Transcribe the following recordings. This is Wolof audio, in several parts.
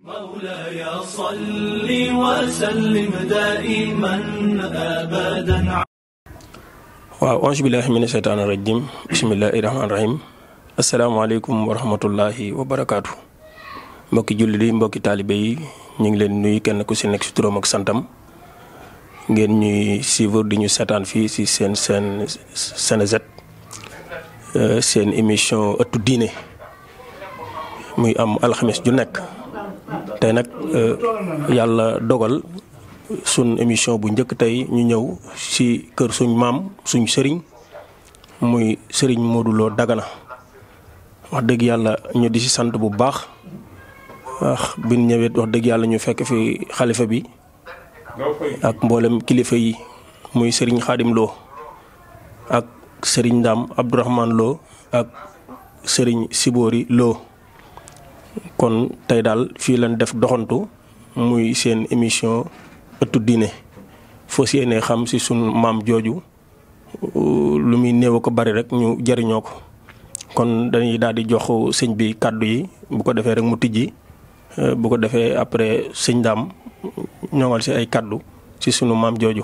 مولاي صل وسلم دائما ابدا أعوذ بالله من الشيطان الرجيم بسم الله الرحمن الرحيم السلام عليكم ورحمة الله وبركاته مكي جولي مكي طالبي نيغ لين نوي كين كو سي نيك سي تروم اك سانتام نين ني سيفور دي ني سيتان في سي سين سين سين زيت سين ايميشن اتو ديني موي ام الخميس جو نيك tey nag euh, yàlla dogal sun émission bu njëkk tey ñu ñëw ci kër suñ maam suñ sëriñ muy sëriñ Modou Lo Dagana wax dëgg yàlla ñu di ci sant bu baax wax bi ñu ñëwee wax dëgg yàlla ñu fekk fi xalifa bi ak mboolem kilifa yi muy sëriñ Xaadim Lo ak sëriñ Ndaam Abdourahman Lo ak sëriñ Sibori Lo kon tey daal fii lañ def doxantu muy seen émission ëttu diine foo yéene xam si sunu maam jooju lu muy néew ko bari rek ñu jariñoo ko kon dañuy daal di jox sëñ bi kàddu yi bu ko defee rek mu tijji bu ko defee après sëñ daam ñoŋal si ay kàddu ci sunu maam jooju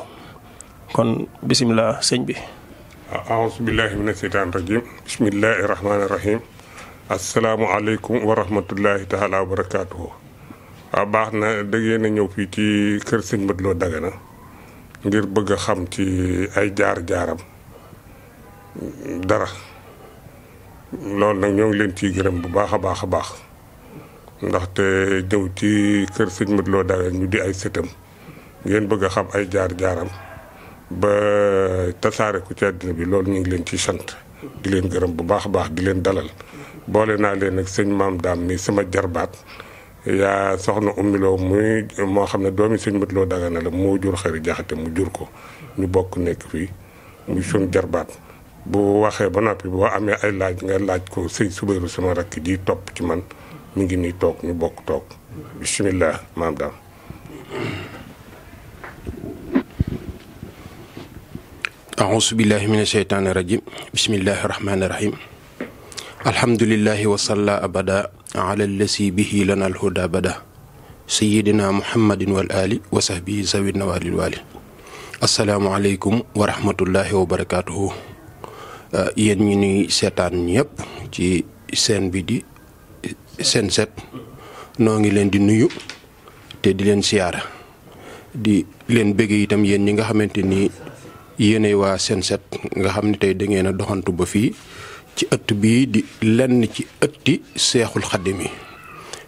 kon bisimilah sëñ bi. a'uuzu billaahi mina sheytaani rajiim bismillaahi rahmaani rahiim. asalaamualeykum wa rahmatullahi taala wa barakaatu. waaw ah, baax na da ngeen a ñëw fii ci kër sëñ Modou Lo Dagana ngir bëgg a xam ci ay jaar-jaaram dara loolu nag ñoo ngi leen ci gërëm bu baax a baax a baax ndaxte ñëw ci kër sëñ Modou Lo Dagana ñu di ay sëtam ngeen bëgg xam ay jaar-jaaram ba tasaare ku ci àddina bi loolu ñu ngi leen ciy sant di leen gërëm bu baax a baax di leen dalal boole naa leen ak sëñ maam daam mi sama jarbaat yaa soxna ummiloo muy moo xam ne doomi sëñ Mat Lo Dagana la moo jur xëri jaxate mu jur ko ñu bokk nekk fii muy suñ jarbaat bu waxee ba noppi boo amee ay laaj nga laaj ko sëñ Subayru sama rakk di topp ci man mi ngi nii toog ñu bokk toog bisimilah maam daam أعوذ بالله من الشيطان الرجيم بسم الله الرحمن الرحيم alhamdulillahi wasalla abada ala lasi bihi lana alhuda bada sayidina muhammadin wal ali wa sahbihi zawid nawalil wali asalaamualeykum wa rahmatullahi uh, yéen ñi nuy seetaan ñëpp ci seen bi seen set noo ngi leen di nuyu te di leen siyaara di leen bëggee itam yéen ñi nga xamante ni yéenay waa seen set nga xam ne tey da a doxantu ba fii ci ëtt bii di lenn ci ëtti seexul xaddim mi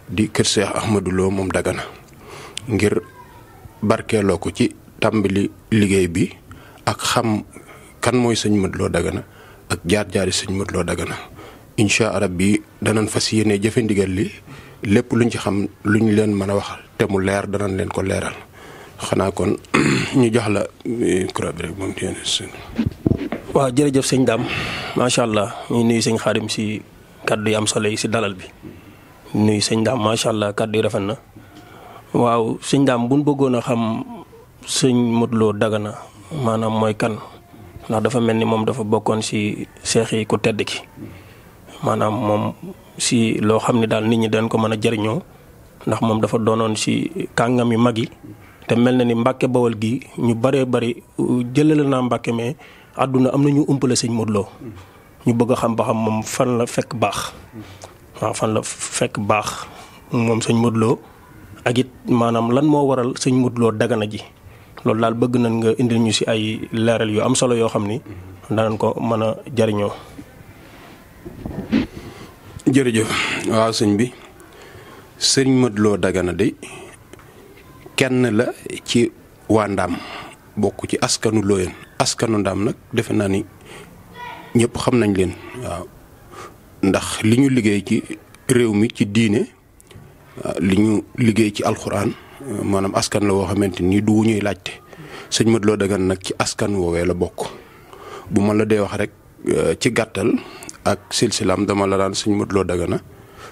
di kër seex Ahmadou Lo moom Dagana ngir barkeeloo ko ci tàmbali liggéey bi ak xam kan mooy sëñ Modou Lo Dagana ak jaar-jaari sëñ Modou Lo Dagana incha allah bi danañ fas yéene jëfe ndigal li lépp luñ ci xam luñ leen mën a wax te mu leer danañ leen ko leeral xanaa kon ñu jox la micro eh, bi waaw seigne dam ma sha allah ñu nuyu seigne xaarim si kaddu am soleil ci si dalal bi nuyu dam ma sha allah kaddu yi rafet na waaw seigne dam buñ ñu xam seigne modlo Dagana manam moy kan ndax dafa melni mom dafa bokkon si cheikh yi ku tedd ki manam mom si lo xamni dal nit ñi dañ ko mëna jarriño ndax mom dafa donon si kangam yu mag te melni na ni bawal gi ñu bare bare jëlale na mbacke mais àdduna am na ñu umpale sëñ Modou ñu bëgg a xam ba xam moom fan la fekk baax waaw fan la fekk baax moom sëñ Modou Lo maanaam lan moo waral sëñ Modou dagana ji loolu daal bëgg nañ nga indil ñu si ay leeral yu am solo yoo xam ni danañ ko mën a jariñoo jërëjëf waaw sëñ bi sëñ Modou Dagana de kenn la ci waa bokk ci askanu Looyeen askanu ndam nak defe naa ni ñepp xam nañ leen waaw ndax liñu liggéey ci réew mi ci diiné liñu liggéey ci alcorane manam askan la wo xamanteni du ñuy laajte señ mat lo dagan nak ci askan wé la bokk bu ma la dé wax rek euh, ci gattal ak silsilam dama la daan señ mat loo dagana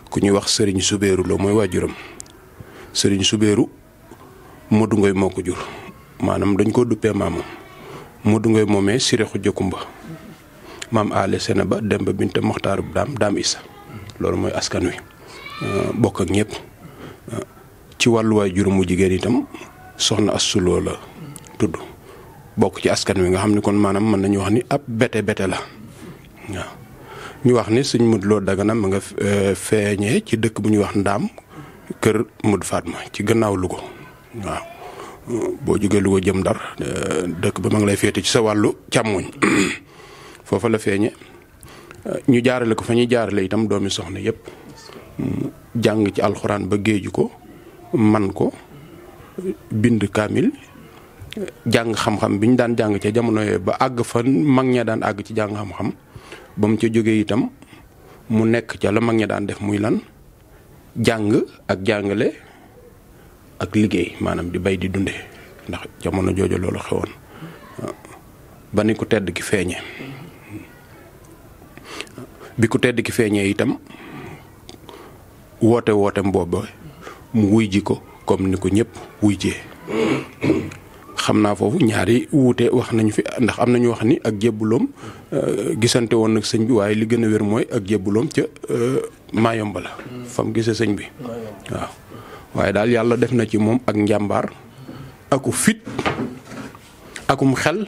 ku ñuy wax sëriñ subéeru lo moy wajuram sëriñ subéeru modu ngoy moko jur manam dañ ko duppé maamam mudungwe ngay momé Siré Kumba mam sene ba Demba binte Mokhtar Dam Dam isa lolu moy askan wi euh, bok ak sohna euh, ci walu way askanui wu itam soxna la tudd bok ci askan wi nga xamni kon manam man nañu wax ni ab bete bete la ñu wax ni señ mud dagana ma nga euh, feñé ci dëkk bu ñu wax ndam kër mud fatma ci gannaaw lugo waaw boo jógee Louga jëm Ndar euh, dëkk ba mag lay féete ci sa wàllu càmmoñ foofa la feeñe euh, ñu jaarale ko fa ñuy jaarale itam doomi soxna yëpp mm, jàng ci alxuraan ba géeju ko man ko bind kaamil jàng xam-xam bi ñu daan jàng ca jamono ba àgg fa mag ña daan àgg ci jàng xam-xam ba mu ca jógee itam mu nekk ca la mag ña daan def muy lan jàng ak jàngale ak liggéey maanaam di bay di dunde ndax jamono jooju loolu xewoon ba ni ku tedd ki feeñe bi ku tedd ki feeñee itam woote woote mbooba mu wuy ji ko comme ni ko ñëpp wuy jee xam naa foofu ñaari wuute wax nañu fi ndax am nañu wax ni ak jébbuloom euh, gisante woon nag sëñ bi waaye li gën a wér mooy ak jébbuloom ca euh, Mayomba la. fa mu gisee sëñ bi waaw. waye dal yalla def na ci mom ak njambar aku fit akum xel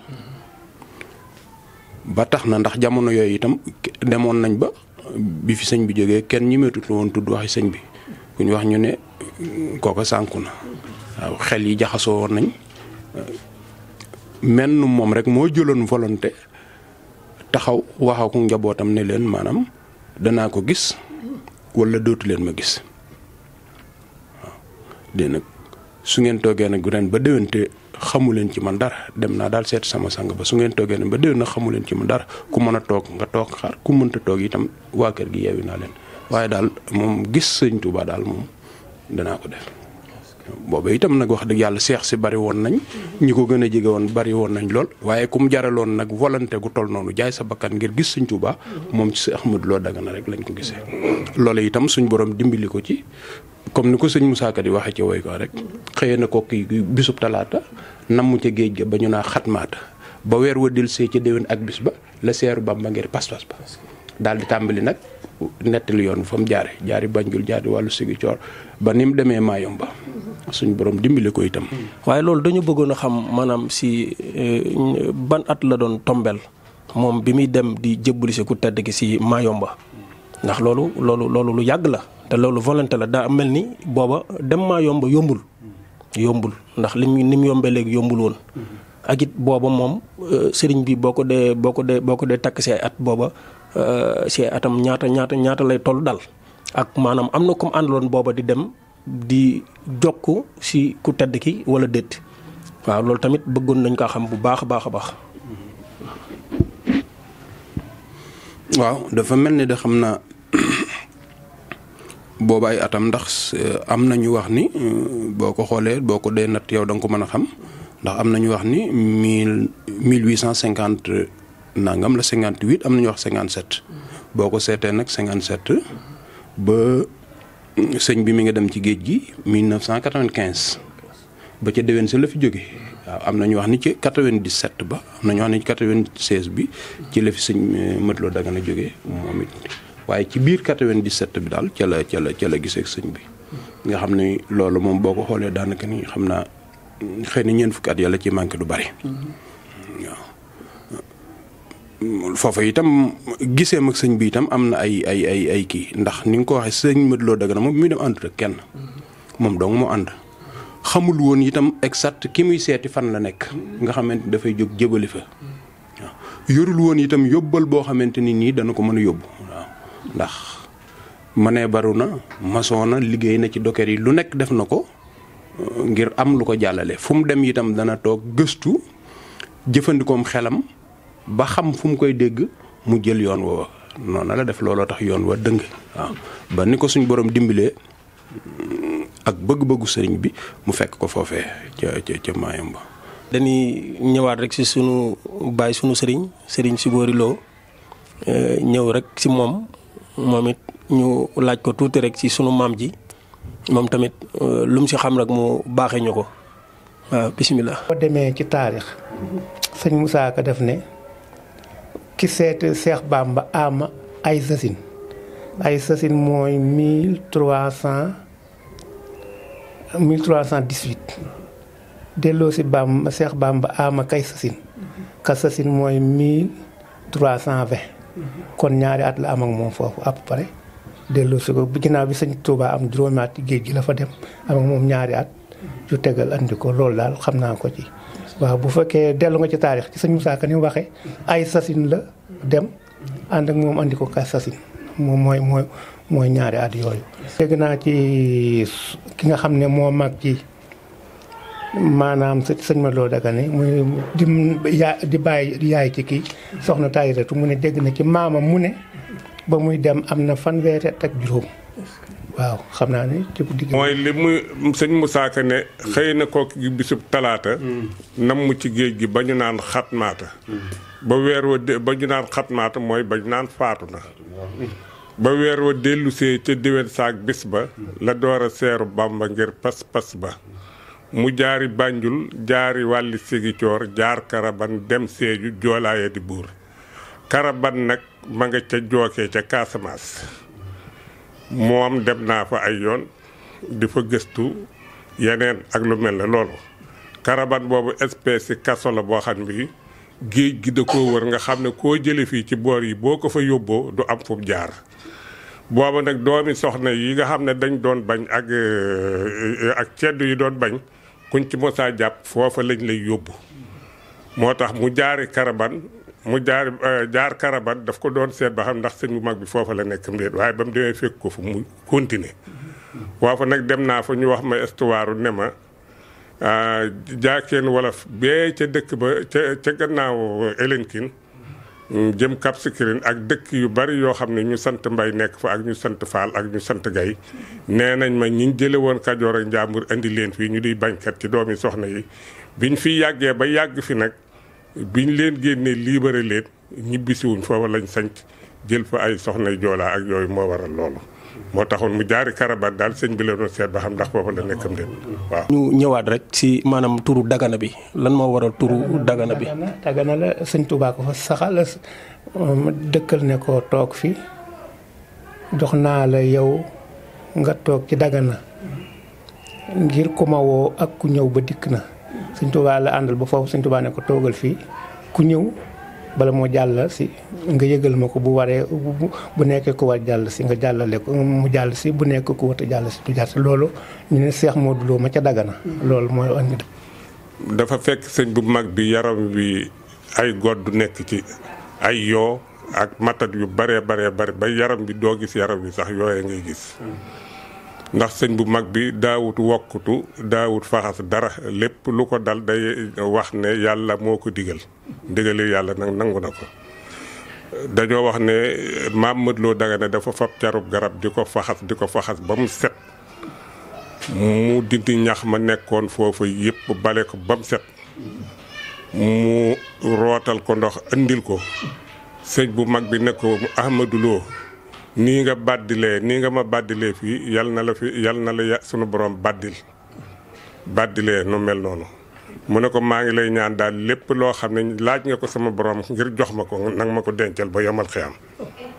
ba tax na ndax jamono yoy itam demon nañ ba bi fi señ bi joge ken ñi metut won tudd wax señ bi ku ñu wax ñu ne mm, koko sànku na xel yi jaxaso won nañ menn mom rek mo jëloon volonté taxaw waxaku njabotam ne len manam dana ko gis wala dootu len ma gis de nag su ngeen toogee nag ren ba déwénte xamu leen ci man dara dem naa daal seet sama sang ba su ngeen toogee nag ba déwén nag xamu leen ci man dara ku mën a toog nga toog xaar ku mënta toog itam waa kër gi yeewi naa leen waaye daal moom gis sëñ Touba daal moom danaa ko def. booba itam nag wax dëgg yàlla seex si bari woon nañ ñi ko gën a jege woon bari woon nañ lool waaye ku kum jaraloon nag volonté gu toll noonu jaay sa bakkan ngir gis sëñ Tuuba moom ci sa Ahmadu Lo na rek lañ ko gisee. loolu itam suñ boroom dimbali ko ci comme ni ko sëñ Moussa Ka di waxe ci way ko rek xeyena ko ki bisub talata namu ci geej ga bañu na khatmata ba wer wa dil se ci dewen ak bis ba la bamba ngir pas ba dal di tambali nak netal yon fam jaare jaari banjul jaari walu sigi cior ba nim deme mayom ba suñu borom dimbali ko itam waye lolou dañu bëggono xam manam si eh, ban at la don tombel mom bi mi dem di jëbbulise ku tedd gi si mayomba ndax loolu loolu loolu lu yàgg la te loolu volonté la daa mel ni booba dem maa yomb yombul yombul ndax lim nim yombee léegi yombul woon ak it booba moom euh, sëriñ bi boo ko dee boo ko dee boo ko dee takk si at booba si euh, atam ñaata ñaata ñaata lay toll dal ak maanaam am na comme àndaloon booba di dem di jokku si ku tedd ki wala déet waaw loolu tamit bëggoon nañ ko xam bu baax a baax baax waaw dafa mel ni da xam naa booba atam ndax eh, am na ñu wax ni eh, boo ko xoolee boo ko dee nat yow da nga ko mën a xam ndax am na ñu wax ni mille huit cent cinquante nangam la cinquante huit am na ñu wax cinquante sept boo ko seetee nag cinquante sept ba sëñ bi mi nga dem ci géej gi mille neuf cent quatre vingt quinze ba ca déwén sa la fi jóge waaw am na ñu wax ni ci 97 ba am na ñu wax ni ci 96 bi ci la fi sëñ eh, Modou Lo Dagana jógee moom it waaye ci biir 97 bi daal ca la ca la ca la sëñ bi. nga xam ni loolu moom boo ko xoolee daanaka ni xam naa xëy na ñeent fukki at yàlla ci manqué du bari. foofu foofa itam gisee mag sëñ bi itam am na ay ay ay ay kii ndax ni nga ko waxee sëñ Modou Lo Dagana moom mi dem àndut kenn moom dong moo ànd. xamul woon itam exat ki muy seeti fan la nekk nga xamante ni dafay jóg jébali fa waaw yorul woon itam yóbbal boo xamante ni nii dana ko mën a yóbbu waaw ndax mënee baru na maçon na liggéey na ci docker yi lu nekk def na ko euh, ngir am lu ko jàllale fu mu dem itam dana toog gëstu jëfandikoom xelam ba xam fu mu koy dégg mu jël yoon woowa noonu la def looloo tax yoon wa dëng waaw ba ni ko suñ borom dimbalee ak bëgg-bëggu sëriñ bi mu fekk ko foofee ca ca ca dañuy ñëwaat rekk si suñu baay sunu sëriñ sëriñ si Boori Lo eh, ñëw rek si moom moom it ñu laaj ko tuuti rek si suñu maam ji moom tamit eh, lu mu si xam rek mu baaxee ko bisimilah. demee ci taarix sëñ Moussa def ne ki seet Seex Bamba ama ay sasin ay sasin mooy cent 1318 delloo si baam Seex Bamba ama kay sasin mhm. ka sasin mooy 1320 mhm. kon ñaari at la am ak moom foofu à peu près delloo si ko ginnaaw bi sëñ Touba am juróomi at géej gi la fa dem am moom ñaari at mhm. ju tegal andi ko loolu daal xam naa ko ci waaw bu fekkee dellu nga ci taarix ci sëñ Moussa saaka ni mu ay sasin la dem ànd ak moom andi ko sasin moom mooy mooy mooy ñaari at yooyu. dégg naa ci ki nga xam ne moo mag ci maanaam sëñ Madou Lo Dagana muy di bàyyi yaay ci ki soxna Tayratu mu ne dégg na ci maamam mu ne ba muy dem am na fanweeri at ak juróom waaw xam naa ne ci digg. mooy li muy sëñ mu Ka ne xëy na kooku bisub talaata. Mm. nam mu ci géej gi ba naan xatmaata. Mm. ba weer wa ba ñu naan xatmaata mooy ba naan faatu na. ba weer wa dellu see ca diwen saag bis ba la door a seeru bàmba ngir pas pas ba mu jaari bànjul jaari wàlli sigi coor jaar karaban dem seeju joolaaye di buur karaban nag ma nga ca jookee ca kaasamaas moom dem naa fa ay yoon di fa gëstu yeneen ak lu mel la loolu karaban boobu espèce kaso la boo xam bi géej gi da koo wër nga xam ne koo jële fii ci boor yi boo ko fa yóbboo du am fu jaar booba nag doomi soxna yi nga xam ne dañ doon bañ ak euh, euh, ak ceddu yi doon bañ kuñ ci mosa jàpp foofa lañ lay yóbbu moo tax mu jaari karaban mu jaar euh, jaar karaban daf ko doon seet ba xam ndax sëñ bu mag bi foofa la nekk mbéet waaye ba mu demee fekk ko fa mu continue waafa nag dem naa fa ñu wax ma estuwaaru ne ma jaakeen wala bee ca dëkk ba ca ca gannaaw elenkin jëm Cap ak dëkk yu bari yoo xam ne ñu sant mbay nekk fa ak ñu sant faal ak ñu sant gay nee nañ ma ñi jële woon Kajoor ak Njàmbur indi leen fii ñu di bañkat ci doomi soxna yi biñ fi yàggee ba yàgg fi nag biñ leen génnee liibare leen ñibbisiwuñ foofa lañ sanc jël fa ay soxna joolaa ak yooyu moo waral loolu moo taxoon mu jaari karabaat daal sëñ bi la doon seet ba xam ndax foofu la nekkam leen waaw. ñu ñëwaat rek si maanaam turu dagana bi lan moo a turu dagana bi. daggana la sëñ Tuubaa ko fa saxal um, dëkkal ne ko toog fii dox naa la yow nga toog ci dagana ngir ku ma ak ku ñëw ba dikk na sëñ Tuubaa la àndal ba foofu sëñ Tuubaa ne ko toogal fii ku ñëw. bala moo jàll si nga yëgal ma ko bu waree bu nekkee ko war jàll si nga jàllale ko mu jàll si bu nekk ku wata jàll si du jàll si loolu ñu ne Seex Moodu Lo ma ca Dagana loolu mooy andi dafa fekk sëñ bu mag bi yaram bi ay godd nekk ci ay yoo ak matat yu baree baree bare ba yaram bi doo gis yaram bi sax yooye ngay gis ndax sëñ bu mag bi daawut wokkutu daawut faxas dara lépp lu ko dal day wax ne yàlla moo ko digal ndigali yàlla nag nangu na ko dañoo wax ne mamad loo daga ne dafa fab carub garab di ko faxas di ko faxas ba mu set mu dindi ñax ma nekkoon foofu yépp bale ko ba mu set mu rootal ko ndox andil ko sëñ bu mag bi ne ko ahmadou loo nii nga bàddilee nii nga ma bàddilee fii yal na la fi yal na la sunu boroom bàddil bàddilee nu mel noonu mu ne ko maa ngi lay ñaan daal lépp loo xam ne laaj nga ko sama borom ngir jox ma ko nang ma ko dencal ba yomal xiyam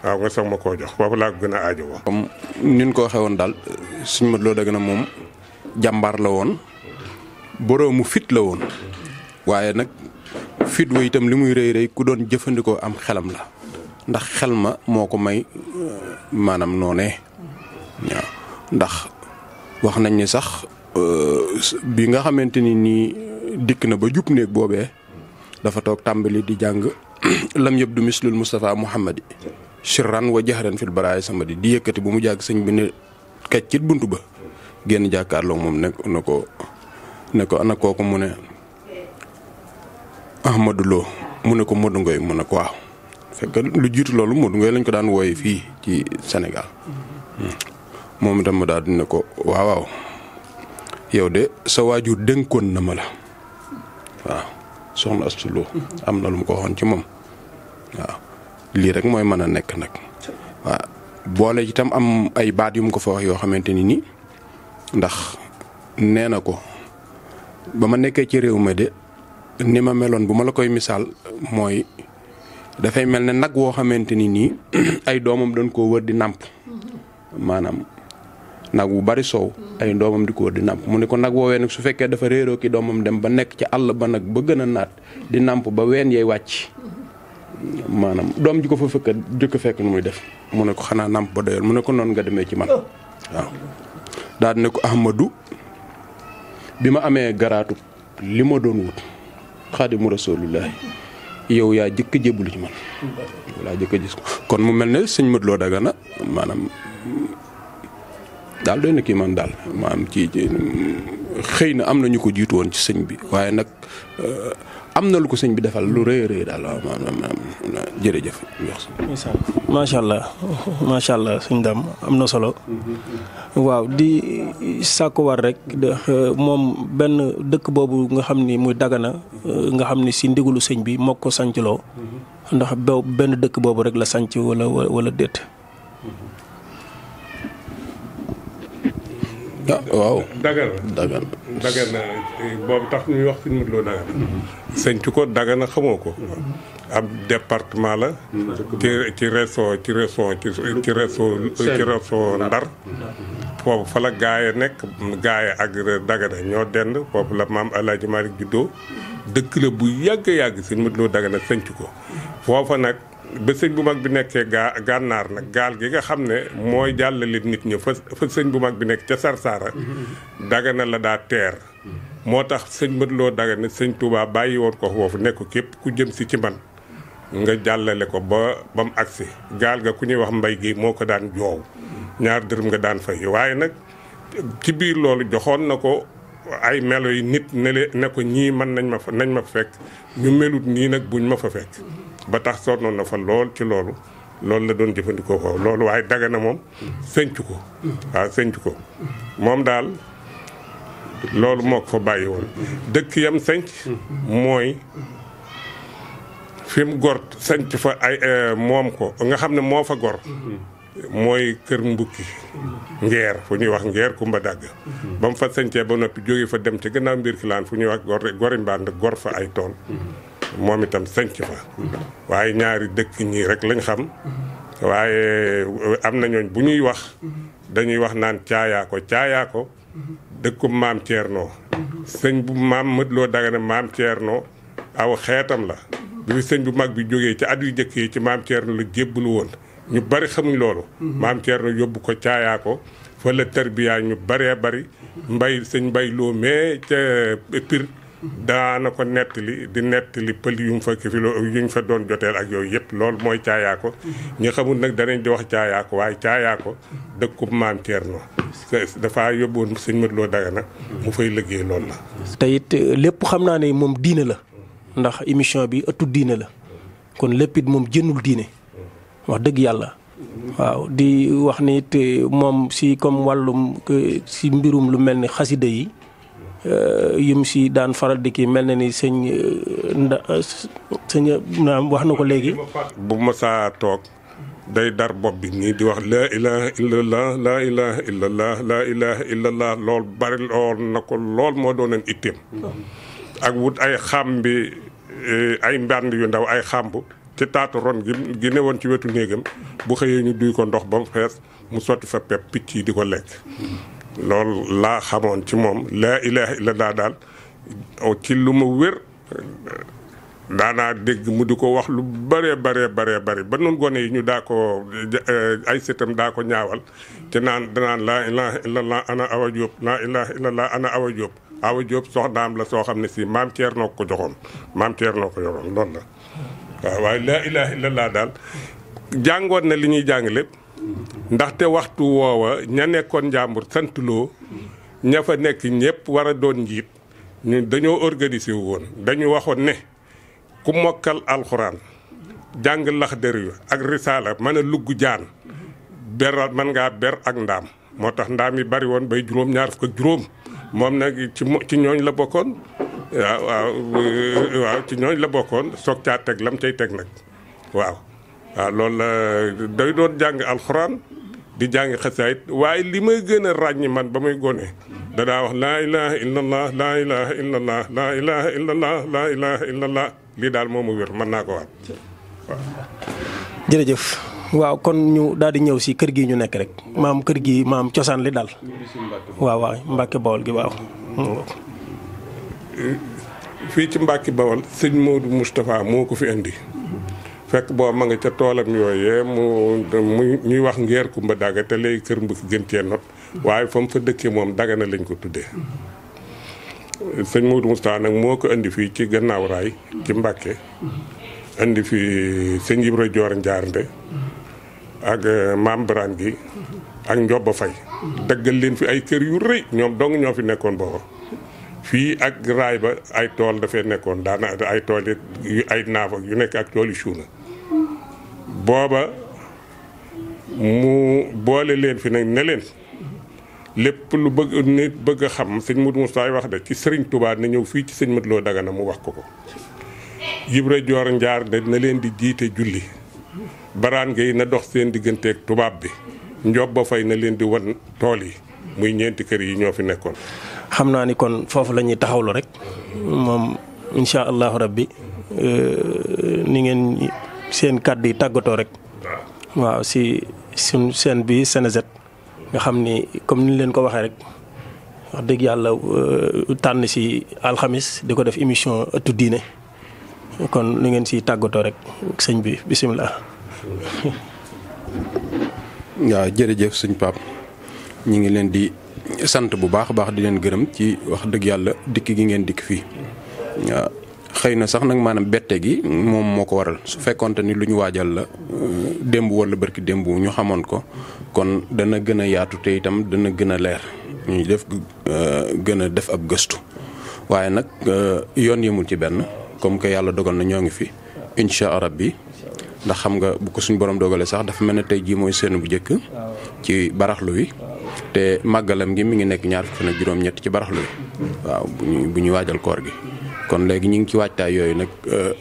waaw nga soog ma koo jox foofu laa ko gën a ajo woo comme ni ñu ko waxee woon daal suñu mat loo dëgg na moom jàmbaar la woon boroomu fit la woon waaye nag fit wa itam li muy rëy rëy ku doon jëfandikoo am xelam la ndax xel ma moo may euh, manam noné ndax wax nañ ni sax euh, bi nga xamanteni ni dik na ba jup bobé dafa tok tambali di jang lam yeb du mislul mustafa muhammadi sirran wa jahran fil baraay samadi di yekati bu mu jag señ bi ne kaccit buntu ba genn jàkkaarloo moom nek na nako ne ana kooku muné ne ahmaduloo ko modu ngoy muné ko waaw fekk lu jitu loolu Modou Ngoye lañ ko daan wooyee fii ci Sénégal hmm. moom itam mu daal dina ko waaw waaw yow de sa na waaw soxna hmm. am na lu mu ko waxoon ci moom waaw li rek mooy mën waaw boole tam am ay baat yu mu ko fa wax yoo xamante ni umede. ndax melon ko ba ma ci ma de ni ma bu la koy dafay mel ne nag woo xamante ni nii ay doomam doon koo wër di nàmp maanaam nag wu bari soow ay doomam di ko wër di nàmp mu ne ko nag woowee nag su fekkee dafa réeroo ki doomam dem ba nekk ci àll ba nag ba gën a naat di nàmp ba wen yay wàcc maanaam doom ji ko fa fëkk jëkk fekk nu muy def mu ne ko xanaa nàmp ba doyoon mu ne ko noon nga demee ci man waaw daal ne ko Ahmadou bi ma amee garaatu li ma doon wut xaadimu rasuulullaahi yow yaa jëkk jébbalu ci man laa jëkk gis ko kon mu mel ne sëñ Modou Lo Dagana maanaam daal doy na kii man daal maanaam ci xëy na am na ñu ko jiitu woon ci sëñ bi waaye nag euh, am na lu ko sëñ bi defal lu rëy a daal waaw jërëjëf. allah macha allah suñ dam am na solo. waaw di sàkkuwaat rek moom benn dëkk boobu nga xam ni muy dagana nga xam ni si ndigalu sëñ bi moo ko sancloo ndax benn dëkk boobu rek la sanc wala wala déet. waaw dagan dagan dagan na boobu tax ñuy wax suñu mëtloo dagan sëñtu ko dagana a xamoo ko ab département la ci ci ci région ci ci région ci région Ndar foofu fa la gaaya nekk gaaya ak dagana ñoo dend foofu la maam Alaaji Maalik juddoo dëkk la bu yàgg yàgg suñu mëtloo dagana sëñtu ko foofa nag ba sëñ bu mag bi nekkee gaa gànnaar nag gaal gi nga xam ne mooy jàllale nit ñi fa fa sëñ bu mag bi nekk ca Sarsara. Dagana la daa teer. moo tax sëñ Mat Lo Dagana sëñ Touba bàyyi woon ko foofu nekk képp ku jëm si ci man nga jàllale ko ba ba mu agsi gaal ga ku ñuy wax mbay gi moo ko daan joow ñaar dërëm nga daan fay waaye nag ci biir loolu joxoon na ko. ay melo yi nit ne le ne ko ñii man nañ ma fa nañ ma fekk ñu melut nii nag buñ ma fa fekk ba tax noon na fa lool ci loolu loolu la doon jëfandikoo ko loolu waaye Dagana moom sëncu ko waaw sëncu ko moom daal loolu mook fa bàyyi woon dëkk yam sënc mooy fi mu gor sënc fa ay eh, moom ko nga xam ne moo fa gor mooy kër mbukki ngeer fu ñuy wax ngeer kumba dàgg mhm. ba mu fa sañcee ba noppi jóge fa dem ci gannaaw mbir kilaan fu ñuy wax gori mbaand gor fa ay tool mhm. moom itam sañc fa mhm. waaye ñaari dëkk ñii rek lañ xam waaye eh, am na ñooñ bu ñuy wax dañuy wax naan caayaako ko caayaa ko dëkkum maam Thierno sëñ bu maam mët loo dagana maam Thierno aw xeetam la bi fi sëñ bu mag bi jógee ci at yi jëkk yi ci maam Thierno la jébbalu woon ñu bari xamuñ loolu mhm. maam Thierno yóbbu ko caayaako ko fa la tarbiya ñu baree bari mbay sëñ mbay loo mais ca pir daana ko nettali di nettali pël yu mu fa kifiloo yu ñu fa doon joteel ak yooyu yëpp loolu mooy caayaako mhm. ñu xamul nag danañ di wax caayaako waaye caayaako dëkkub maam Thierno dafa yóbboon sëñ Modou Lo Dagana mu fay liggéey loolu la te it eh, lépp xam naa ne moom diine la ndax émission bi ëttu diine la kon lépp it moom jënul diine wax dëgg yàlla. waaw di wax ni te moom si comme wàllum si mbirum lu mel ni xasida yi euh, yum si daan faral di kii mel na ni sëñ euh, nda sëñ naam wax na ko léegi. bu ma saa toog. day dar bopp bi nii di wax laa ilaha illallah laa ilaha lool bari lool na ko lool moo dooneen itteem mm-hmm. ak wut ay xàmbi euh, ay mbànd yu ndaw ay xàmb ci taatu ron gi gi newoon ci wetu néegam bu xëyee ñu duy ko ndox ba mu fees mu sotti fa pepp picc yi di ko lekk loolu laa xamoon ci moom laa ilaha illallah daal ci lu dégg mu di ko wax lu bëree bëree bëree bëri ba gone yi ñu daa ko ay daa ko ñaawal ci naan danaan laa ilaha illallah ana awa Diop laa ilaha illallah ana awa Diop awa Diop soxnaam la soo xam ne si maam Thierno ko joxoon maam Thierno ko yoroon loolu la waaw waaye laa ilaha illallah daal jàngoon na li ñuy jàng lépp ndaxte waxtu woowa ña nekkoon njàmbur sant loo ña fa nekk ñëpp war a doon njiit dañoo organiser wu woon dañu waxoon ne ku mokkal alxuraan jàng laxdar yu ak risaala man a lugg jaan ber man ngaa ber ak ndaam moo tax ndaam yi bari woon bay juróom ñaar fukk ak juróom moom nag ci ci ñooñ la bokkoon waaw waaw waaw ci ñooñ la bokkoon soog caa teg lam cay teg nag waaw waaw loolu la day doon jàng alxuraan di jàng xasaayit waaye li may gën a ràññi man ba muy gone dadaa wax laa ilaha illallah laa ilaha illallah laa ilaha illallah laa ilaha illallah lii daal moomu wér mën naa ko waat waaw jërëjëf waaw kon ñu daal di ñëw si kër gi ñu nekk rek maam kër gi maam cosaan li daal waaw waaw Mbàkke Bawol gi waaw fii ci Mbàkke Bawol sëñ Modou Moustapha moo ko fi indi fekk boo ma nga ca toolam yooyee mu ñuy wax ngeer kumba daga te léegi kër mbukki gën cee not waaye fa mu fa dëkkee moom daga na lañ ko tuddee sëñ Modou Moustapha nag moo ko indi fii ci gannaaw raay ci Mbàkke indi fi sëñ Ibra Joor Njaarnde ak eh, maam gi ak Njoba Fay daggal leen fi ay kër yu rëy ñoom dong ñoo fi nekkoon booba fii ak raay ba ay tool dafay nekkoon daana ay tool yu ay naaf yu nekk ak tool yu suuna booba mu boole leen fi nag na leen lépp lu bëgg nit bëgg xam sëñ mu Moustapha wax de ci sëriñ Touba na ñëw fii ci sëñ Modou Lo Dagana mu wax ko ko Ibra Joor Njaar ne na leen di jiite julli baraan yi na dox seen digganteeg tubaab bi njob ba fay na leen di wan tool yi muy ñeenti kër yi ñoo fi nekkoon xam naa ni kon foofu la ñuy taxawlu rek moom incha allahu rabbi euh, ni ngeen seen kàddu yi tàggatoo rek. waaw si suñ seen bi Senejet nga xam ni comme ni leen ko waxee rek wax dëgg yàlla euh, tànn si alxamis di ko def émission ëttu diine kon ni ngeen si tàggatoo rek sëñ bi bisimilah. waaw jërëjëf suñ Pape ñu ngi leen di. sant bu baax baax di leen gërëm ci wax dëgg yàlla dikk gi ngeen dikk fii waaw xëy na sax nag maanaam bette gi moom moo ko waral su fekkonte ni lu ñu waajal la euh, démb wala bërki démb ñu xamoon ko kon dana gën a yaatu te itam dana gën a leer ñu def euh, gën a def ab gëstu waaye nag euh, yoon yemul ci benn comme que yàlla dogal na ñoo ngi fi incha arab bi ndax xam nga bu ko suñ borom dogalee sax dafa mel ne tey jii mooy seen bu njëkk ci baraxlu wi te magalam gi mi ngi nek ñaar fan na juroom ñet ci barax lu waaw bu ñu bu koor gi kon léegi ñu ngi ci wajta yoy nak euh,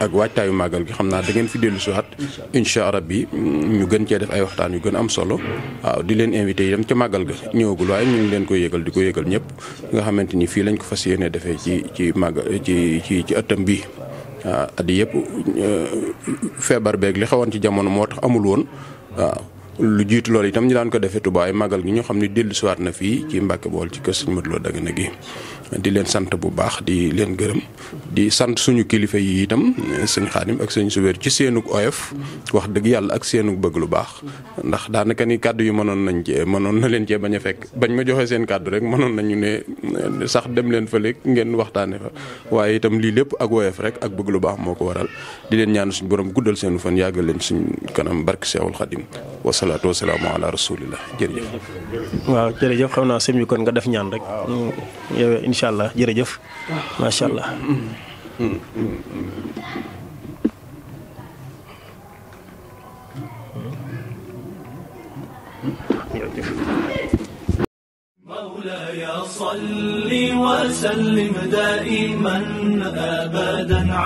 ak wajta yu magal gi xamna da ngeen fi delu siwaat incha insha rabbi ñu gën ci def ay waxtaan yu gën am solo waaw di leen inviter yam ci magal ga ñewugul way ñu leen koy yegal diko yegal ñep nga xamanteni fi lañ ko fasiyene defé ci ci màggal ci ci ci atam bi adi yep febar feebar beeg li xawon ci jamono motax amul won waaw lu jiitu loolu itam ñu daan ko defee Touba ay màggal gi ñoo xam ne dellusiwaat na fii ci Mbàkke Bool ci kër Sëñ Modou Lo Dagana gi di leen sant bu baax di leen gërëm di sant suñu kilifa yi itam sëñ xaadim ak sëñ suwér ci seenuk oyef wax dëgg yàlla ak seenuk bëgg lu baax ndax daanaka ni kàddu yu mënoon nañ ci mënoon na leen cee bañ a fekk bañ ma joxe seen kàddu rek mënoon nañu ne sax dem leen fa ngeen waxtaane fa waaye itam lii lépp ak oyef rek ak bëgg lu baax moo ko waral di leen ñaan suñu borom guddal seenu fan yàggal leen suñ kanam barke seexul xadim wa wasalaamu ala rasulillah jërëjëf waaw jërëjëf xam naa sëñ bi kon nga def ñaan rek شاء الله جرجف ما شاء الله مولاي صل وسلم دائما ابدا